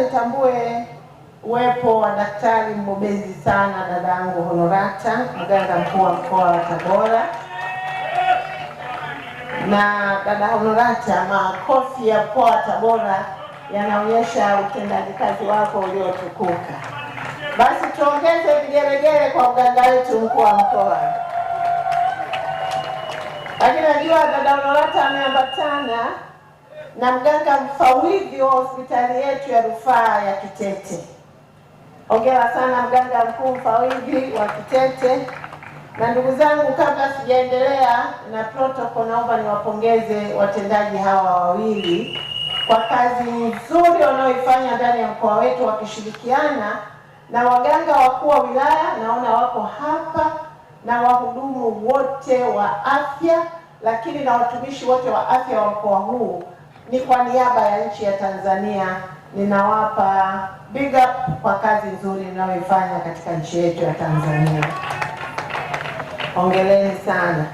nitambue uwepo wa daktari mbobezi sana dadangu Honorata, mganga mkuu wa mkoa wa Tabora. Na dada Honorata, makofi ya mkoa wa Tabora yanaonyesha utendaji kazi wako uliotukuka. Basi tuongeze vigelegele kwa mganga wetu mkuu wa mkoa. Lakini najua dada Honorata ameambatana na mganga mfawidhi wa hospitali yetu ya rufaa ya Kitete. Hongera sana mganga mkuu mfawidhi wa Kitete. Na ndugu zangu, kabla sijaendelea na protokoli, naomba niwapongeze watendaji hawa wawili kwa kazi nzuri wanaoifanya ndani ya mkoa wetu wakishirikiana na waganga wakuu wa wilaya, naona wako hapa na wahudumu wote wa afya, lakini na watumishi wote wa afya wa mkoa huu ni kwa niaba ya nchi ya Tanzania ninawapa big up kwa kazi nzuri mnayoifanya katika nchi yetu ya Tanzania. Hongereni sana.